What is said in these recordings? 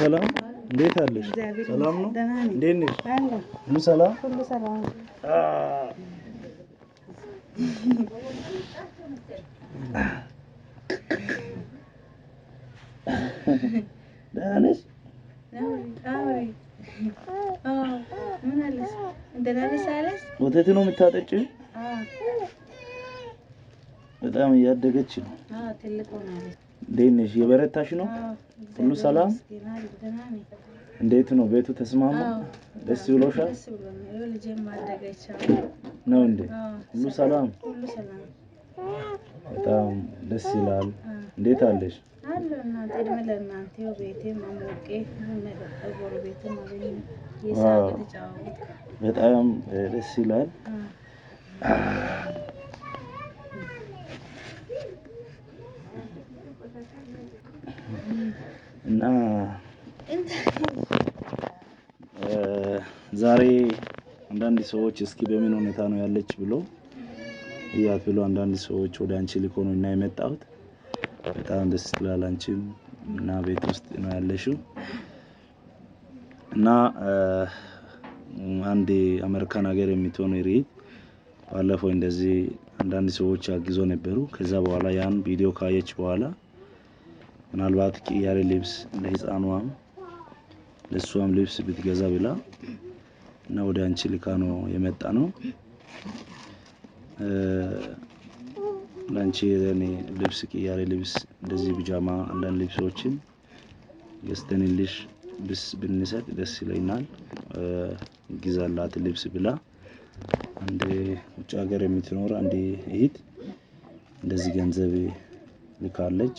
ሰላም፣ እንዴት አለሽ? ሰላም ነው። እንዴት ነሽ? ሁሉ ሰላም፣ ሁሉ ሰላም። ደህና ነሽ? ወተት ነው የምታጠጪው? በጣም እያደገች ነው። እንዴት ነሽ? የበረታሽ ነው? ሁሉ ሰላም እንዴት ነው? ቤቱ ተስማማ? ደስ ብሎሻል? ነው እንዴ? ሁሉ ሰላም? በጣም ደስ ይላል። እንዴት አለሽ? በጣም ደስ ይላል። እና ዛሬ አንዳንድ ሰዎች እስኪ በምን ሁኔታ ነው ያለች ብሎ እያት ብሎ አንዳንድ ሰዎች ወደ አንቺ ሊኮኑ እና የመጣሁት በጣም ደስ ይላል። አንቺም እና ቤት ውስጥ ነው ያለሽው እና አንድ አሜሪካን ሀገር የምትሆን ሪት ባለፈው እንደዚህ አንዳንድ ሰዎች አግዞ ነበሩ። ከዛ በኋላ ያን ቪዲዮ ካየች በኋላ ምናልባት ቅያሬ ልብስ ለህፃኗም ለእሷም ልብስ ብትገዛ ብላ እና ወደ አንቺ ልካ ነው የመጣ ነው። ለአንቺ ልብስ ቅያሬ ልብስ እንደዚህ ብጃማ፣ አንዳንድ ልብሶችን ገዝተንልሽ ብስ ብንሰጥ ደስ ይለኛል፣ ግዛላት ልብስ ብላ አንድ ውጭ ሀገር የምትኖር አንድ እህት እንደዚህ ገንዘብ ልካለች።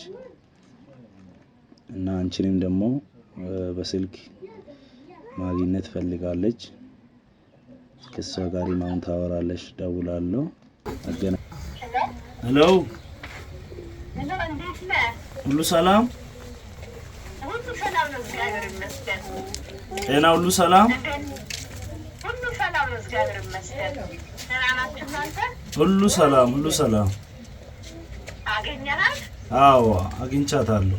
እና አንቺንም ደግሞ በስልክ ማግኘት ፈልጋለች። ከሷ ጋር ማሁን ታወራለች። ደውላለሁ። ሄሎ ሁሉ ሰላም፣ ጤና ሁሉ ሰላም፣ ሁሉ ሰላም፣ ሁሉ ሰላም። አዎ አግኝቻታለሁ።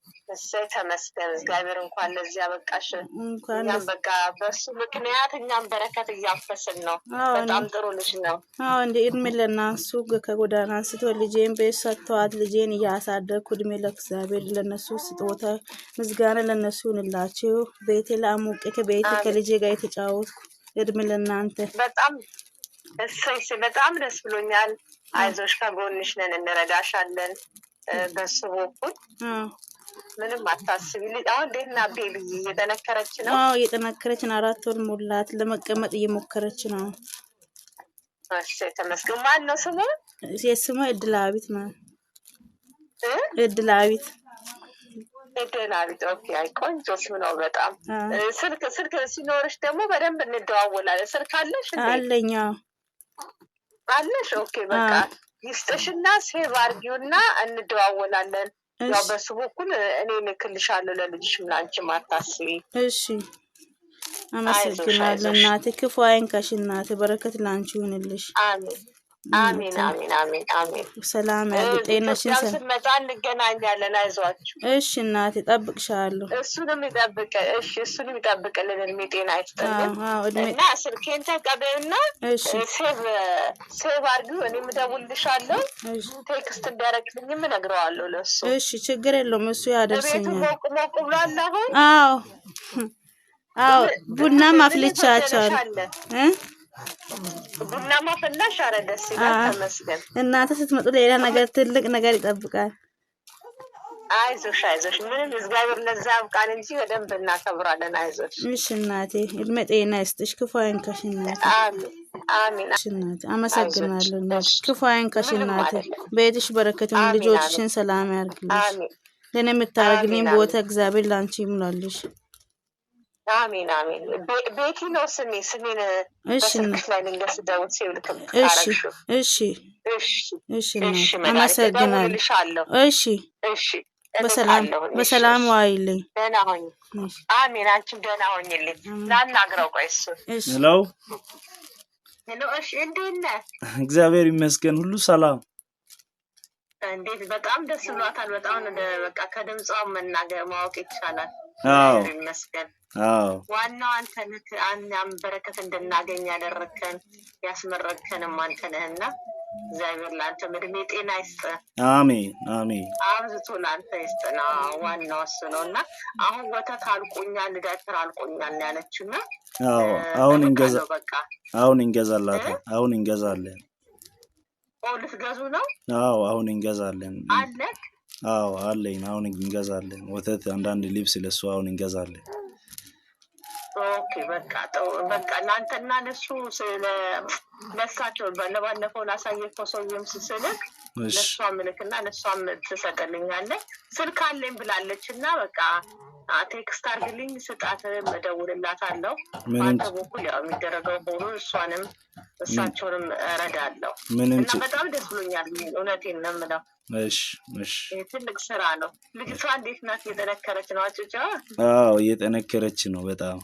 እሰይ ተመስገን እግዚአብሔር እንኳን ለዚህ አበቃሽ። እኛም በቃ በሱ ምክንያት እኛም በረከት እያፈስን ነው። በጣም ጥሩ ልጅ ነው። አዎ እንደ እድሜ ለእናሱ ከጎዳና አንስቶ ልጄን ቤት ሰጥተዋት ልጄን እያሳደግኩ እድሜ ለእግዚአብሔር ለነሱ ስጦታ ምስጋና ለነሱ ይሁንላችሁ። ቤቴ ለአሞቄ ከቤቴ ከልጄ ጋር የተጫወትኩ እድሜ ለእናንተ በጣም እሰይ በጣም ደስ ብሎኛል። አይዞሽ ከጎንሽ ነን፣ እንረዳሻለን በሱ ምንም አታስቢ። አሁን እንዴት ና ቤል እየጠነከረች ነው። አዎ እየጠነከረች ነው። አራት ወር ሞላት። ለመቀመጥ እየሞከረች ነው። ተመስገን። ማን ነው ስሙ? ስሙ እድላዊት ነው። እድላዊት እድላዊት። ኦኬ። አይ ቆንጆ ስም ነው በጣም። ስልክ ስልክ ሲኖርሽ ደግሞ በደንብ እንደዋወላለን። ስልክ አለሽ? አለኝ። አለሽ? ኦኬ። በቃ ይስጥሽና ሴቭ አድርጊውና እንደዋወላለን። ያው በሱ በኩል እኔ እልክልሻለሁ ለልጅሽ ምናንቺም አታስቢ። እሺ አመሰግናለሁ እናቴ። ክፉ አይንካሽ እናቴ። በረከት ላንቺ ይሁንልሽ። አሜን አሚን አሚን አሚን አሚን። ሰላም ያለ ጤናሽን ስመጣ እንገናኛለን። አይዟችሁ እሺ። እናቴ እጠብቅሻለሁ። እሱንም ይጠብቅ። እሺ፣ እሱንም ይጠብቅልን። እድሜ ጤና አይስጥልን እና ስልኬን ተቀበይና ሴቭ ሴቭ አድርጊው። እኔም እደውልልሻለሁ። ቴክስት እንዲያደርግልኝም እነግረዋለሁ ለእሱ። እሺ፣ ችግር የለውም። እሱ ያደርሰኛል። ሞቅ ሞቅ ብሏል አሁን። አዎ አዎ፣ ቡናም አፍልቻቸዋለሁ። ቡናማ ፈላሽ አረ ደስ ይላል። ተመስገን እናንተ ስትመጡ ሌላ ነገር ትልቅ ነገር ይጠብቃል። አይዞሽ አይዞሽ፣ ምንም እግዚአብሔር ለዛ እንጂ በደንብ እናከብራለን። አይዞሽ። እሺ እናቴ እድሜ ጤና ይስጥሽ፣ ክፉ አይንካሽ እናቴ። አመሰግናለሁ እናቴ፣ ክፉ አይንካሽ እናቴ። ቤትሽ ልጆችሽን ሰላም ያርግልሽ። ለእኔ የምታረግልኝ ቦታ እግዚአብሔር ላንቺ ይሙላልሽ። አሚን አሜን ቤቲ ነው ስሜ። ስሜን በስልክሽ ላይ ልንገስ ደውት እሺ፣ እሺ፣ እሺ፣ አመሰግናለሁ። እሺ፣ እሺ። በሰላም በሰላም ዋይልኝ። ደህና ሆኝ። አሜን። አንቺም ደህና ሆኝልኝ። ላናግረው። ቆይ ሄሎ፣ ሄሎ። እሺ፣ እንዴት ነህ? እግዚአብሔር ይመስገን፣ ሁሉ ሰላም። እንዴት በጣም ደስ ብሏታል። በጣም በቃ ከድምጿ መናገር ማወቅ ይቻላል። ይመስገን ዋናው አንተ ነህ። እኛም በረከት እንድናገኝ ያደረግከን ያስመረግከንም አንተ ነህና እግዚአብሔር ለአንተ እድሜ ጤና ይስጥ። አሜን አሜን። አብዝቶ ለአንተ ይስጥ ነው ዋናው እሱ ነው። እና አሁን ወተት አልቆኛል፣ ዳይፐር አልቆኛል ያለችው እና አሁን እንገዛ በቃ አሁን እንገዛላለን። አሁን እንገዛለን። ልትገዙ ነው? አዎ አሁን እንገዛለን። አለ አዎ አለኝ። አሁን እንገዛለን ወተት፣ አንዳንድ ልብስ ለሱ አሁን እንገዛለን። ኦኬ በቃ ጠው በቃ እናንተ ነሱ እነሱ ለሳቸው ባለባለፈው ላሳየፈው ሰውዬም ስስልክ ምልክ እልክና ለእሷም ትሰቅልኛለች። ስልክ አለኝ ብላለች እና በቃ ቴክስት አርግልኝ ስጣት እደውልላታለሁ። በአንተ በኩል ያው የሚደረገው በሆኑ እሷንም እሳቸውንም እረዳለሁ እና በጣም ደስ ብሎኛል። እውነቴን ነው የምለው ትልቅ ስራ ነው። ልጅቷ እንዴት ናት? እየጠነከረች ነው። አጭጫ አዎ፣ እየጠነከረች ነው በጣም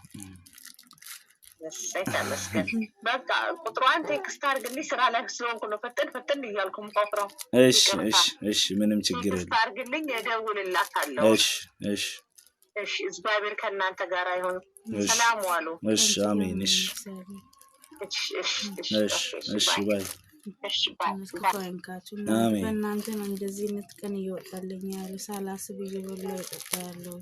በቃ ቁጥሯን ቴክስት አድርግልኝ። ስራ ላይ ስለሆንኩ ነው ፈጥን ፈጥን እያልኩ የምቆፍረው። እሺ፣ እሺ፣ እሺ። ምንም ችግር የለም። አድርግልኝ፣ እደውልላታለሁ። እሺ፣ እሺ፣ እሺ። እግዚአብሔር ከእናንተ ጋር ይሁን። ሰላም ዋሉ። እሺ፣ አሜን። እሺ፣ እሺ፣ እሺ፣ እሺ። ባይ ተመልክቶ በእናንተ ነው እንደዚህ አይነት ቀን እየወጣልኝ ያለ ሳላስብ እየበላ የጠጣ ያለው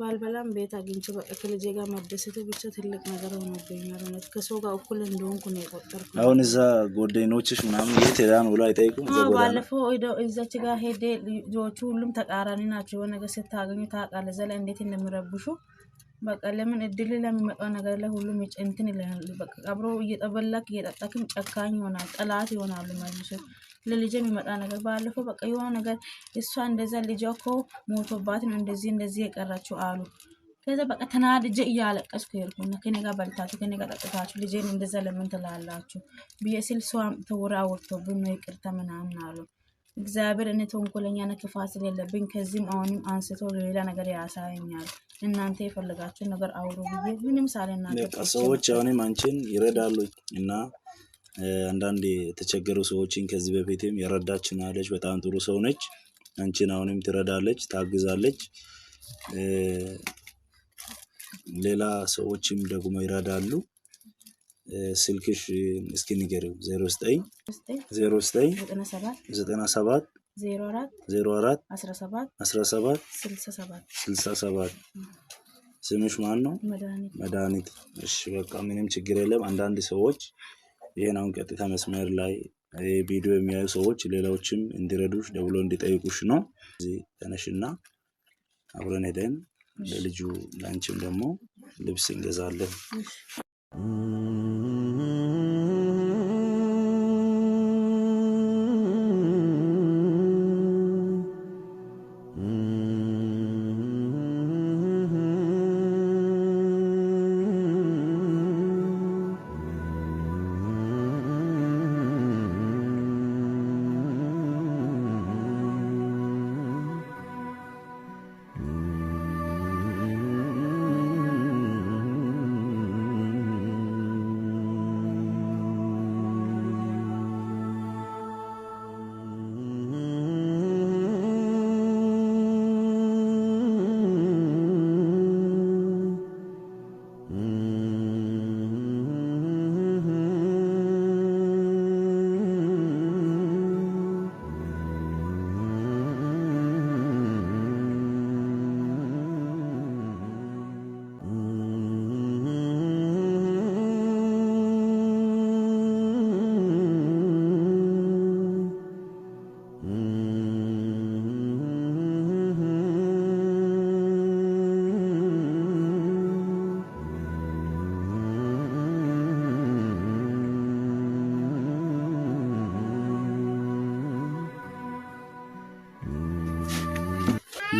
ባልበላም ቤት አግኝቼ በቃ ከልጄ ጋር መደሰት ብቻ ትልቅ ነገር ሆኖብኛል። እውነት ከሰው ጋር እኩል እንደሆንኩ ነው የቆጠርኩት። አሁን እዛ ጓደኞችሽ ምናምን የት ሄዳ ነው ብሎ አይጠይቁም? ባለፈው እዛች ጋር ሄደ ልጆቹ ሁሉም ተቃራኒ ናቸው። የሆነ ነገር ስታገኙ ታውቃለህ ዘላ እንዴት እንደሚረብሹ በቃ ለምን እድል ለሚመጣው ነገር ላይ ሁሉም እንትን ይለናል። በቃ አብሮ እየጠበላክ እየጠጣክም ጨካኝ ይሆናል፣ ጠላት ይሆናሉ መልሶ ለልጅ የሚመጣ ነገር። ባለፈው በቃ የሆነ ነገር እሷ እንደዛ ልጅ እኮ ሞቶባት ነው እንደዚህ እንደዚህ የቀራችው አሉ። ከዛ በቃ ተናድጄ እያለቀስኩ ሄድኩና ከኔ ጋር በልታችሁ ከኔ ጋር ጠጥታችሁ ልጄን እንደዛ ለምን ትላላችሁ ብዬ ስል ሰዋም ተውራ አውርቶብኝ ነው ይቅርታ ምናምን አሉ። እግዚአብሔር እኔ ተንኮለኛ ክፋት ስለሌለብኝ ከዚህም አሁንም አንስቶ ሌላ ነገር ያሳየኛል። እናንተ የፈለጋችሁ ነገር አውሩ ብዬ ምንም ሳልናገር ሰዎች አሁንም አንቺን ይረዳሉ እና አንዳንድ የተቸገሩ ሰዎችን ከዚህ በፊትም የረዳችን አለች። በጣም ጥሩ ሰው ነች። አንቺን አሁንም ትረዳለች፣ ታግዛለች። ሌላ ሰዎችም ደግሞ ይረዳሉ። ስልክሽ እስኪ ንገሪው። ዜሮ ዘጠኝ ዜሮ ዘጠኝ ዘጠና ሰባት 04 17 67 ስምሽ ማን ነው? መድኃኒት። እሺ በቃ ምንም ችግር የለም። አንዳንድ ሰዎች ይህን አሁን ቀጥታ መስመር ላይ ቪዲዮ የሚያዩ ሰዎች ሌላዎችም እንዲረዱሽ ደውሎ እንዲጠይቁሽ ነው። እዚህ ተነሽና አብረን ሄደን ለልጁ ለአንቺም ደግሞ ልብስ እንገዛለን።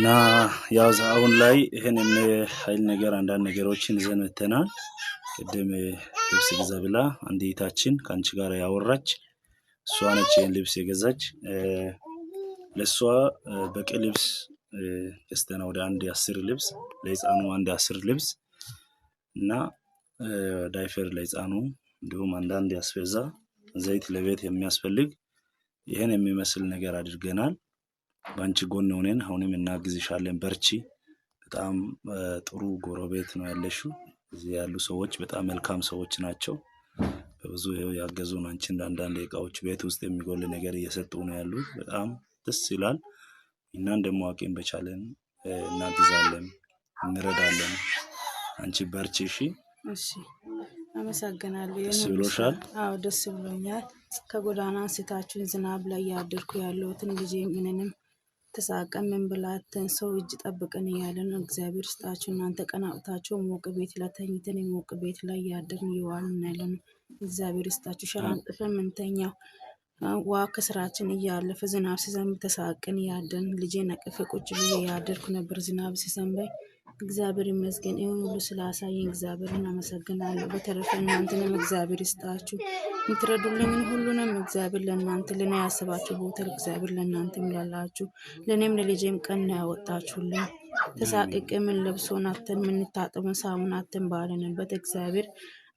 እና ያው አሁን ላይ ይህን ኃይል ነገር አንዳንድ ነገሮችን ይዘን መተናል። ቅድም ልብስ ግዛ ብላ አንድ እህታችን ከአንቺ ጋር ያወራች እሷ ነች ይህን ልብስ የገዛች። ለእሷ በቂ ልብስ ገዝተን ወደ አንድ አስር ልብስ ለህፃኑ አንድ አስር ልብስ እና ዳይፈር ለህፃኑ እንዲሁም አንዳንድ ያስፈዛ ዘይት ለቤት የሚያስፈልግ ይህን የሚመስል ነገር አድርገናል። በአንቺ ጎን ሆነን አሁንም እናግዝሻለን፣ በርቺ። በጣም ጥሩ ጎረቤት ነው ያለሽው። እዚህ ያሉ ሰዎች በጣም መልካም ሰዎች ናቸው። በብዙ ያገዙን አንቺን አንዳንድ እቃዎች ቤት ውስጥ የሚጎል ነገር እየሰጡ ነው ያሉ። በጣም ደስ ይላል። እናን ደግሞ አቅም በቻለን እናግዛለን፣ እንረዳለን። አንቺ በርቺ እሺ። እሺ፣ አመሰግናለሁ። ደስ ብሎሻል? አዎ ደስ ብሎኛል። ከጎዳና አንስታችሁን ዝናብ ላይ ያደርኩ ያለሁትን ልጄም እኔንም ተሳቀን ምን ሰው እጅ ጠብቀን እያለን እግዚአብሔር ስጣችሁ እናንተ ቀናብታችሁ ሞቅ ቤት ላይ የሞቅ ቤት ላይ ያደርን እየዋልን ያለን እግዚአብሔር ስጣችሁ ሸራ አንጥፈን ምንተኛው ውሃ ከስራችን እያለፈ ዝናብ ሲዘንብ ተሳቅን እያደን ልጄ አቅፌ ቁጭ ብዬ ያደርኩ ነበር። ዝናብ ሲዘንበይ እግዚአብሔር ይመስገን ይሁን ሁሉ ስላሳየኝ እግዚአብሔርን አመሰግናለሁ። በተረፈ እናንተንም እግዚአብሔር ይስጣችሁ። የምትረዱልኝን ሁሉንም እግዚአብሔር ለእናንተ ለእኔ ያሰባችሁ ቦታ እግዚአብሔር ለእናንተ ላላችሁ ለእኔም ለልጄም ቀን ነው ያወጣችሁልን። ተሳቅቄ ምን ለብሶን አተን ምንታጠመ ሳሙን አተን ባለንበት እግዚአብሔር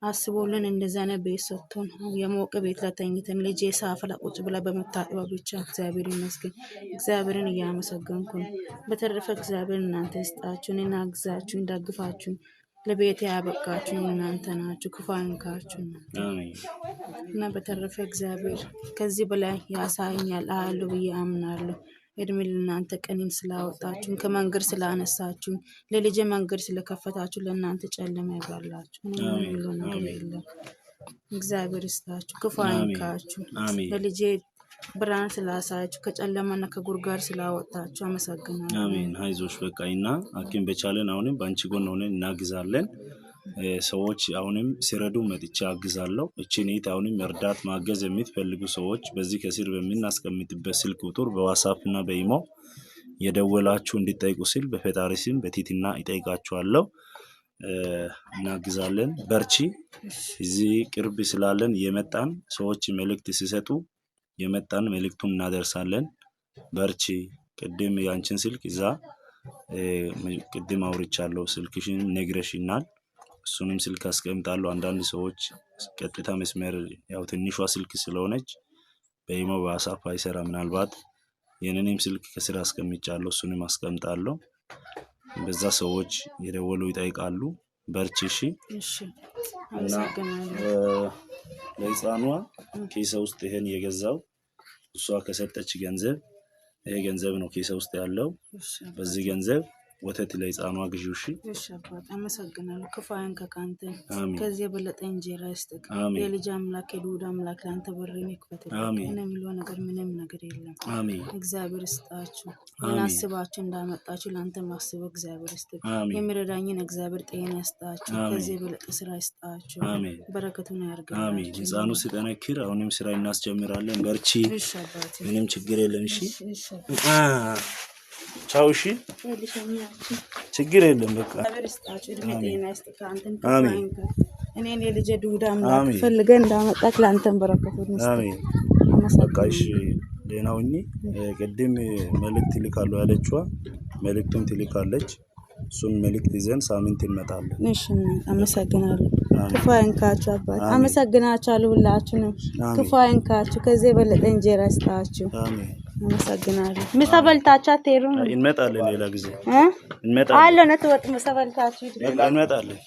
አስቦልን እንደዚህ ነ ቤት ሰጥቶን የሞቀ ቤት ላይ ተኝተን ልጄ ሳፍ ላይ ቁጭ ብላ በምታጥባ ብቻ እግዚአብሔር ይመስገን። እግዚአብሔርን እያመሰገንኩ ነው። በተረፈ እግዚአብሔር እናንተ ይስጣችሁን፣ እናግዛችሁን፣ ደግፋችሁን። ለቤት ያበቃችሁ እናንተ ናችሁ። ክፉ አይንካችሁ እና በተረፈ እግዚአብሔር ከዚህ በላይ ያሳየኛል አሉ ብዬ አምናለሁ። እድሜ ለእናንተ ቀኔን ስላወጣችሁን ከመንገድ ስላነሳችሁን ለልጄ መንገድ ስለከፈታችሁ ለእናንተ ጨለማ ይባላችሁ። እግዚአብሔር ይስጣችሁ፣ ክፉ አይንካችሁ። ለልጄ ብርሃን ስላሳያችሁ ከጨለማና ከጉርጋር ስላወጣችሁ አመሰግናለሁ። አሜን። አይዞሽ በቃ አኪም በቻለን አሁንም በአንቺ ጎን ሆነን እናግዛለን። ሰዎች አሁንም ሲረዱ መጥቼ አግዛለሁ። እችን ይት አሁንም እርዳት ማገዝ የምትፈልጉ ሰዎች በዚህ ከስር በምናስቀምጥበት ስልክ ቁጥር በዋትሳፕ እና በኢሞ የደወላችሁ እንዲጠይቁ ስል በፈጣሪ ስም በቲትና ይጠይቃችኋለሁ። እናግዛለን። በርቺ። እዚህ ቅርብ ስላለን የመጣን ሰዎች መልእክት ሲሰጡ የመጣን መልእክቱን እናደርሳለን። በርቺ። ቅድም ያንችን ስልክ እዛ ቅድም አውርቻለሁ። ስልክሽን ነግረሽናል። እሱንም ስልክ አስቀምጣለሁ። አንዳንድ ሰዎች ቀጥታ መስመር ያው ትንሿ ስልክ ስለሆነች በኢሞ በዋትስአፕ አይሰራ ምናልባት ይህንንም ስልክ ከስራ አስቀምጫለሁ። እሱንም አስቀምጣለሁ። በዛ ሰዎች የደወሉ ይጠይቃሉ። በርቺ እሺ። እና ለህፃኗ ኬሰ ውስጥ ይሄን የገዛው እሷ ከሰጠች ገንዘብ ይሄ ገንዘብ ነው ኬሰ ውስጥ ያለው በዚህ ገንዘብ ወተት ለህፃኗ ግዢው። እሺ እሺ፣ አባት አመሰግናለሁ። ከዚህ የበለጠ እንጀራ ይስጥቅ። የልጅ አምላክ የልዑድ አምላክ ለአንተ በሬን ይክፈትል። ምን የሚለው ነገር ምንም ነገር የለም። እግዚአብሔር ስጣችሁ ምናስባችሁ እንዳመጣችሁ ለአንተ ማስበው እግዚአብሔር ስጥ። የሚረዳኝን እግዚአብሔር ጤና ይስጣችሁ። ከዚህ የበለጠ ስራ ይስጣችሁ። በረከቱን አሜን። ህፃኑ ሲጠነክር አሁንም ስራ እናስጀምራለን። በርቺ፣ ምንም ችግር የለም። እሺ ቻው። እሺ ችግር የለም በቃ እኔን የልጄ ዱዳ ፈልገህ እንዳመጣክ ለአንተን በረከቱን ደህና ሁኚ። ቅድም መልእክት ትልካለሁ ያለችዋ መልእክቱን ትልካለች። እሱን መልእክት ይዘን ሳምንት እንመጣለን። እሺ፣ አመሰግናለሁ። ክፉ አይንካችሁ አባት፣ አመሰግናችኋለሁ። ሁላችሁንም ክፉ አይንካችሁ። ከዚህ የበለጠ እንጀራ ይስጣችሁ። አመሰግናለሁ። ምሳ በልታችሁ አትሄዱም? እንመጣለን ሌላ ጊዜ እንመጣለን። አለ ነው ትወጥ ምሳ በልታችሁ እንመጣለን።